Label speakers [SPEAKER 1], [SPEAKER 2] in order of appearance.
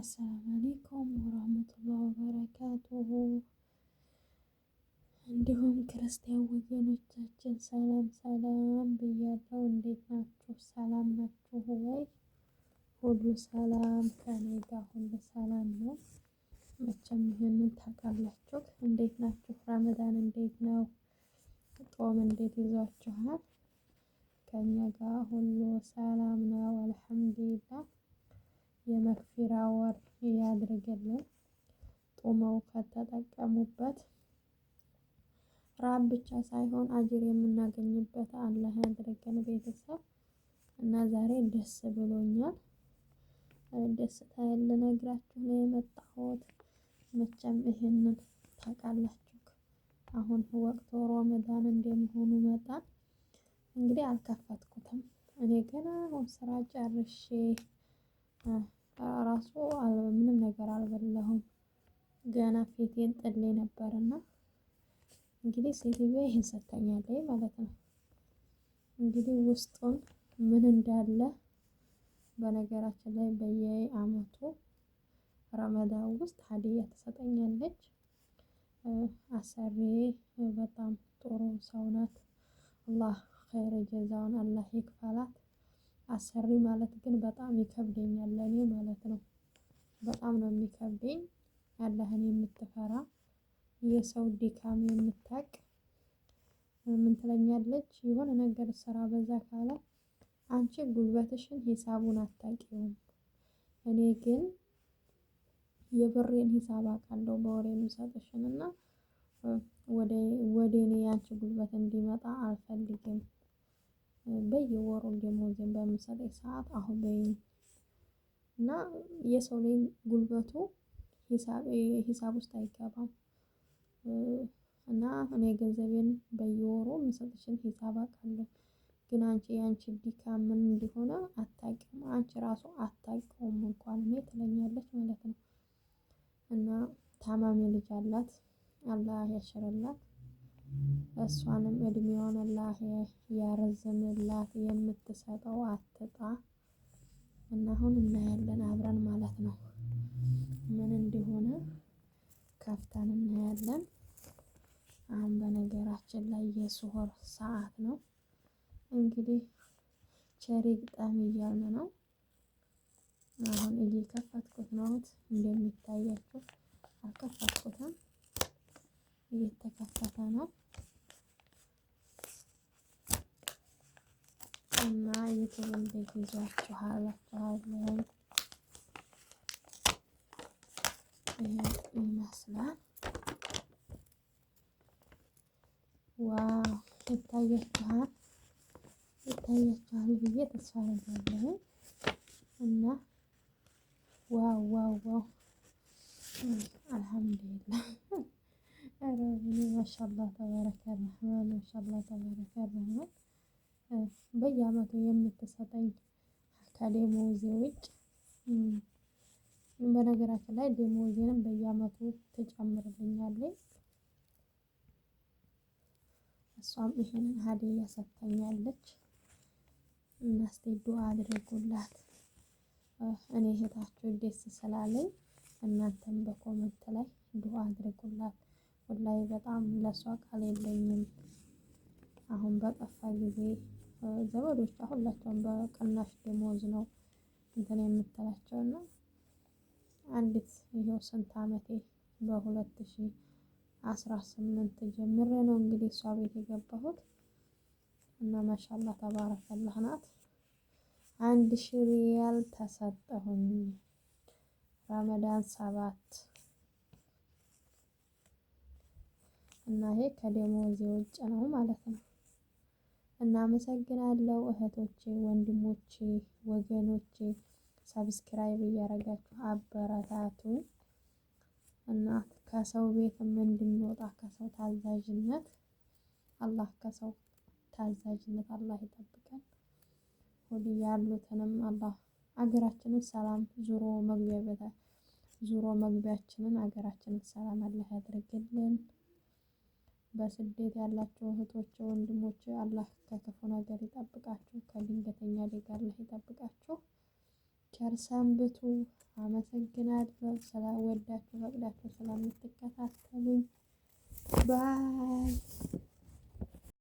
[SPEAKER 1] አሰላም አሌይኩም ወራህመቱላሂ ወበረካቱሁ። እንዲሁም ክርስቲያን ወገኖቻችን ሰላም ሰላም ብያለሁ። እንዴት ናችሁ? ሰላም ናችሁ ወይ? ሁሉ ሰላም ከኔ ጋር ሁሉ ሰላም ነው። መቼም ይሄንን ታውቃላችሁ። እንዴት ናችሁ? ረመዳን እንዴት ነው? ጾም እንዴት ይዟችኋል? ከኛ ጋር ሁሉ ሰላም ነው አልሐምዱ የመክፊራ ወር ያድርግልን። ጦመው ከተጠቀሙበት ራብ ብቻ ሳይሆን አጅር የምናገኝበት አላህ ያድርገን። ቤተሰብ እና ዛሬ ደስ ብሎኛል። ደስታ ያለ ነግራችሁ ነው የመጣሁት። መቼም ይሄንን ታውቃላችሁ። አሁን ወቅቱ ሮመዳን እንደመሆኑ መጣን። እንግዲህ አልከፈትኩትም እኔ ገና አሁን ስራ ጨርሼ ራሱ ምንም ነገር አልበላሁም። ገና ፊቴን ጥሌ ነበርና እንግዲህ ሴትዮ ይህን ሰጥታኛለች ማለት ነው። እንግዲህ ውስጡን ምን እንዳለ በነገራችን ላይ በየአመቱ ረመዳን ውስጥ ሀዲያ ትሰጠኛለች። አሰሬ በጣም ጥሩ ሰው ናት። አላህ ኸይር ጀዛውን አላህ ይክፈላት። አሰሪ ማለት ግን በጣም ይከብደኛል ለኔ ማለት ነው። በጣም ነው የሚከብደኝ አላህን የምትፈራ የሰው ድካም የምታቅ ምን ትለኛለች የሆነ ነገር ስራ በዛ ካለ አንቺ ጉልበትሽን ሂሳቡን አታውቂውም። እኔ ግን የብሬን ሂሳብ አውቃለሁ በወር የምሰጥሽን እና ወደ እኔ ያንቺ ጉልበት እንዲመጣ አልፈልግም በየወሩ ደሞዜን በምሰጠኝ ሰዓት አሁን ላይ እና የሰው ልጅ ጉልበቱ ሂሳብ ውስጥ አይገባም። እና እኔ ገንዘቤን በየወሩ የምሰጥሽን ሂሳብ አውቃለሁ። ግን አንቺ ያንቺ ድካም ምን እንደሆነ አታውቂም አንቺ ራሱ አታውቂውም እንኳን እኔ ትለኛለች ማለት ነው። እና ታማሚ ልጅ አላት አላህ ያሸረላት። እሷንም እድሜዋን አላህ ያረዝምላት የምትሰጠው አትጣ። እና አሁን እናያለን አብረን ማለት ነው ምን እንደሆነ ከፍተን እናያለን። አሁን በነገራችን ላይ የስሆር ሰዓት ነው እንግዲህ ቸሪ ግጠም እያልን ነው። አሁን እየከፈትኩት ነው እንደሚታያችሁ አልከፈትኩትም። እየተከፈተ ነው እና የተለመደ ይዟችኋል አላችኋለሁ። ይህ ይመስላል። ዋው ይታያችኋል ይታያችኋል ብዬ ተስፋ አደርጋለሁ እና ዋው ዋው ዋው አልሐምዱሊላህ ኧረ ማሻላ ተባረከ ረህማን ማሻአላህ ተባረከ ረህማን በየአመቱ የምትሰጠኝ ከደሞዜ ውጭ በነገራችን ላይ ደሞዜንም በየአመቱ ትጨምርልኛለች። እሷም ይሄንን ሀዲያ ሰጥታኛለች እና ዱአ አድርጉላት። እኔ እህታችሁ ደስ ስላለኝ እናንተም በኮመንት ላይ ዱአ አድርጉላት። ወላሂ በጣም ለሷ ቃል የለኝም። አሁን በጠፋ ጊዜ ዘመዶች ሁላቸውም በቅናሽ ደሞዝ ነው እንትን የምትላቸው እና አንዲት ይኸው ስንት አመቴ በሁለት ሺ አስራ ስምንት ጀምሬ ነው እንግዲህ እሷ ቤት የገባሁት እና ማሻላ ተባረከላህ ናት። አንድ ሺ ሪያል ተሰጠሁኝ። ረመዳን ሰባት እና ይሄ ከደሞ ውጭ ነው ማለት ነው። እናመሰግናለሁ እህቶቼ፣ ወንድሞቼ፣ ወገኖቼ ሰብስክራይብ እያደረጋችሁ አበረታቱ እና ከሰው ቤትም እንድንወጣ ከሰው ታዛዥነት አላህ ከሰው ታዛዥነት አላህ ይጠብቀን። ሁሉ ያሉትንም አላህ አገራችንን ሰላም ዙሮ መግቢያ ዙሮ መግቢያችንን አገራችንን ሰላም አላህ ያድርግልን። በስደት ያላቸው እህቶች ወንድሞች አላህ ከክፉ ነገር ይጠብቃችሁ፣ ከድንገተኛ አደጋ አላህ ይጠብቃችሁ። ቸር ሰንብቱ። አመሰግናለሁ ስለወዳችሁ ፈቅዳችሁ ስለምትከታተሉኝ ባይ